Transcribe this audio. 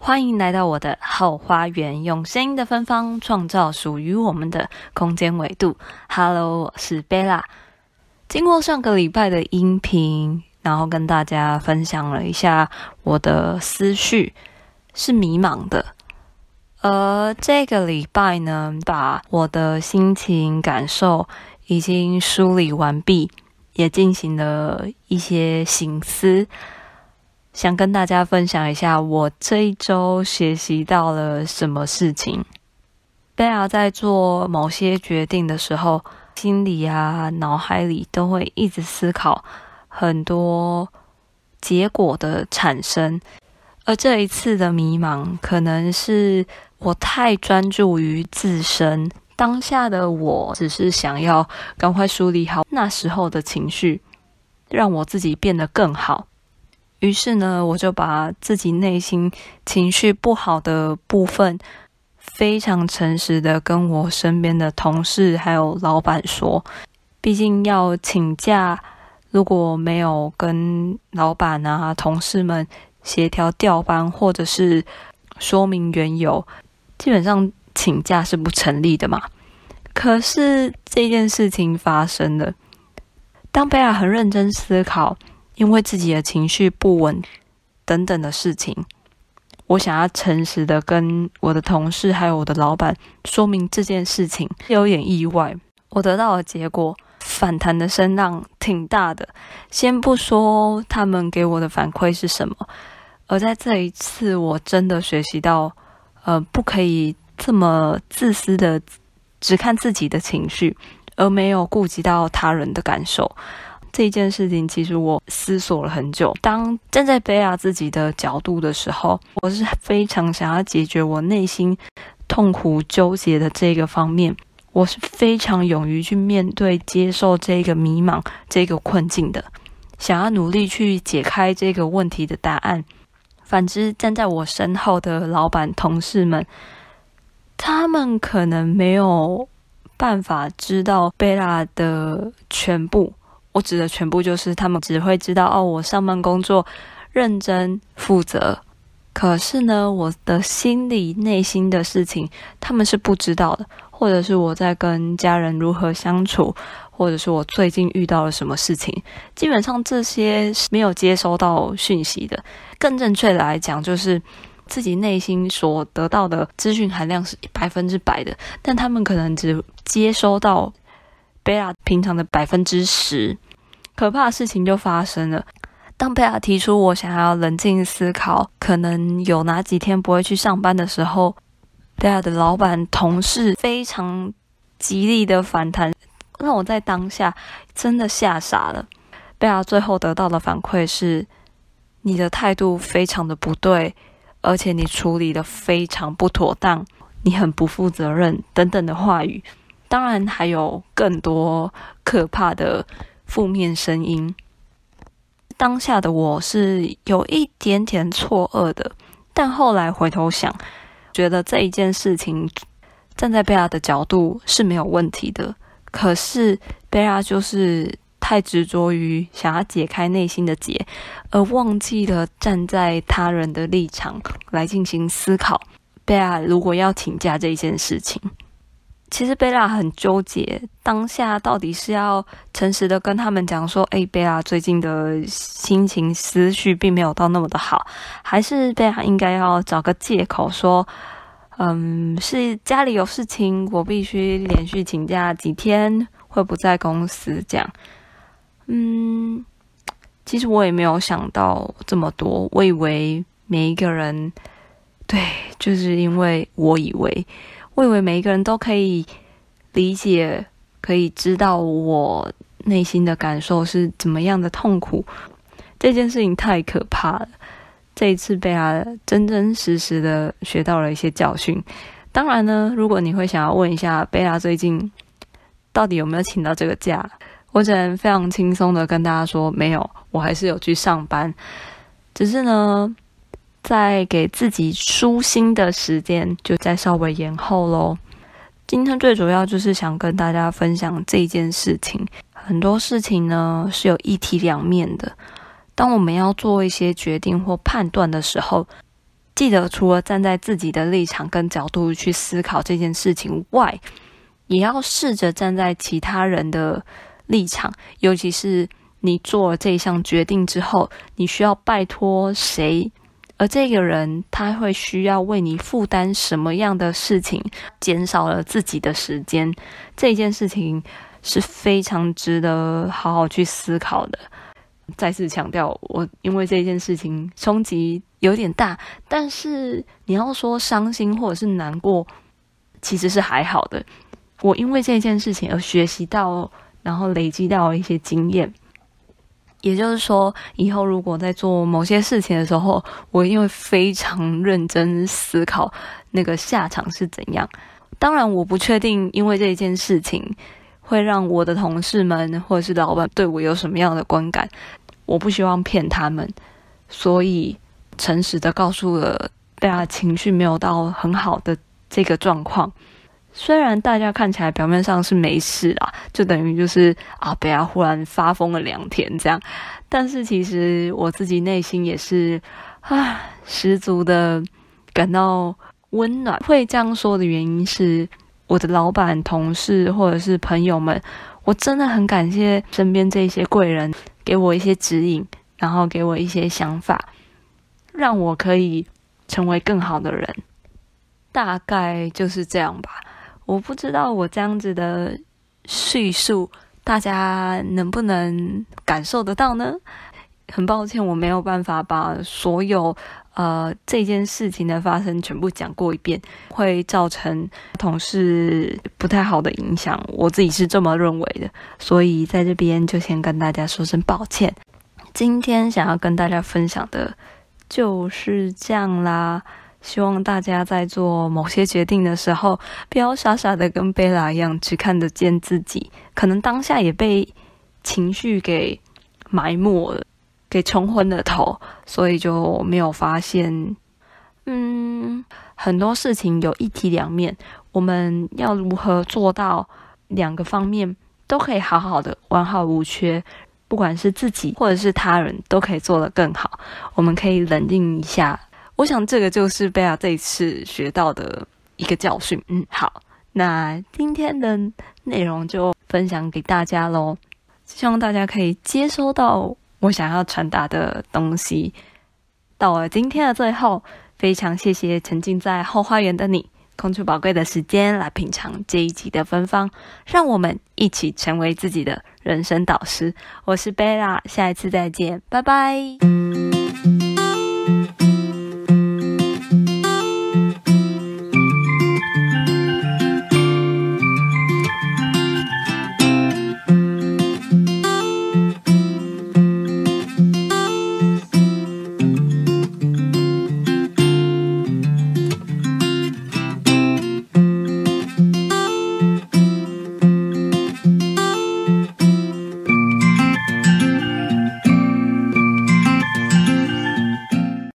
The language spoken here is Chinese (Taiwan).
歡迎來到我的 Hoo 花園，用聲音的芬芳創造屬於我們的空間維度。Hello，我是 Bella。經過上個禮拜的音頻，然後跟大家分享了一下我的思緒是迷茫的，而、呃、這個禮拜呢，把我的心情感受已經梳理完畢，也進行了一些省思。想跟大家分享一下我這一周學習到了什麼事情。Bella 在做某些決定的時候，心裡啊、腦海裡都會一直思考很多結果的產生，而這一次的迷茫，可能是我太專注於自身。當下的我只是想要趕快梳理好那時候的情緒，讓我自己變得更好。於是呢，我就把自己內心情緒不好的部分，非常誠實地跟我身邊的同事還有老板說。畢竟要請假，如果沒有跟老板啊、同事們協調調班，或者是說明緣由，基本上請假是不成立的嘛。可是這件事情發生了，當貝拉很認真思考。因為自己的情緒不穩，等等的事情，我想要誠實的跟我的同事還有我的老板說明這件事情。是有點意外，我得到的結果反彈的聲浪挺大的。先不說他們給我的反饋是什麼，而在這一次，我真的學習到，呃，不可以這麼自私的只看自己的情緒，而沒有顧及到他人的感受。這件事情其實我思索了很久。當站在貝拉自己的角度的時候，我是非常想要解決我內心痛苦糾結的這個方面，我是非常勇於去面對、接受這個迷茫、這個困境的，想要努力去解開這個問題的答案。反之，站在我身後的老闆、同事們，他們可能沒有辦法知道貝拉的全部。我指的全部就是，他們只會知道哦，我上班工作認真負責。可是呢，我的心裡內心的事情，他們是不知道的，或者是我在跟家人如何相處，或者是我最近遇到了什麼事情。基本上這些是沒有接收到訊息的，更正確的來講，就是自己內心所得到的資訊含量是百分之百的，但他們可能只接收到貝拉平常的百分之十。可怕的事情就發生了。當貝拉提出我想要冷靜思考，可能有哪幾天不會去上班的時候，貝拉的老板同事非常極力的反彈，讓我在當下真的嚇傻了。貝拉最後得到的反饋是：“你的態度非常的不對，而且你處理的非常不妥當，你很不負責任等等的話語。”當然還有更多可怕的。負面聲音，當下的我是有一點點錯愕的，但後來回頭想，覺得這一件事情站在貝拉的角度是沒有問題的。可是貝拉就是太執着於想要解開內心的結，而忘記了站在他人的立場來進行思考。貝拉如果要請假這一件事情。其實貝拉很糾結，當下到底是要誠實的跟他們講說，哎、欸，貝拉最近的心情思緒並沒有到那麼的好，還是貝拉應該要找個借口說，嗯，是家裡有事情，我必須連續請假幾天，會不在公司這樣。嗯，其實我也沒有想到這麼多，我以為每一個人，對，就是因為我以為。我以為每一個人都可以理解，可以知道我內心的感受是怎麼樣的痛苦。這件事情太可怕了。這一次貝拉真真實實的學到了一些教訓。當然呢，如果你會想要問一下貝拉最近到底有沒有請到這個假，我只能非常輕鬆的跟大家說，沒有，我還是有去上班。只是呢，在給自己舒心的時間，就再稍微延後嘍。今天最主要就是想跟大家分享這件事情。很多事情呢，是有一體兩面的。當我們要做一些決定或判斷的時候，記得除了站在自己的立場跟角度去思考這件事情外，也要試着站在其他人的立場。尤其是你做了這項決定之後，你需要拜托誰？而這個人他會需要為你負擔什麼樣的事情，減少了自己的時間，這件事情是非常值得好好去思考的。再次強調，我因為這件事情衝擊有點大，但是你要說傷心或者是難過，其實是還好的。我因為這件事情而學習到，然後累積到一些經驗。也就是說，以後如果在做某些事情的時候，我一定會非常認真思考那個下場是怎樣。當然，我不確定因為這一件事情會讓我的同事們或者是老闆對我有什麼樣的觀感。我不希望騙他們，所以誠實的告訴了大家，情緒沒有到很好的這個狀況。雖然大家看起來表面上是沒事啊，就等於就是啊，不要忽然發瘋了兩天這樣，但是其實我自己內心也是啊，十足的感到溫暖。會這樣說的原因是，我的老板、同事或者是朋友們，我真的很感謝身邊這些貴人給我一些指引，然後給我一些想法，讓我可以成為更好的人。大概就是這樣吧。我不知道我這樣子的敘述，大家能不能感受得到呢？很抱歉，我沒有辦法把所有呃這件事情的發生全部講過一遍，會造成同事不太好的影響，我自己是這麼認為的，所以在這邊就先跟大家說聲抱歉。今天想要跟大家分享的就是這樣啦。希望大家在做某些決定的時候，不要傻傻的跟貝拉一樣，只看得見自己。可能當下也被情緒給埋沒了，給沖昏了頭，所以就沒有發現，嗯，很多事情有一體兩面。我們要如何做到兩個方面都可以好好的、完好無缺？不管是自己或者是他人，都可以做得更好。我們可以冷靜一下。我想這個就是 Bella 這一次學到的一個教訓。嗯，好，那今天的內容就分享給大家嘍，希望大家可以接收到我想要傳達的東西。到了今天的最後，非常謝謝沉浸在 Hoo 花園的你，空出寶貴的時間來品嘗這一集的芬芳，讓我們一起成為自己的人生導師。我是 Bella，下一次再見，拜拜。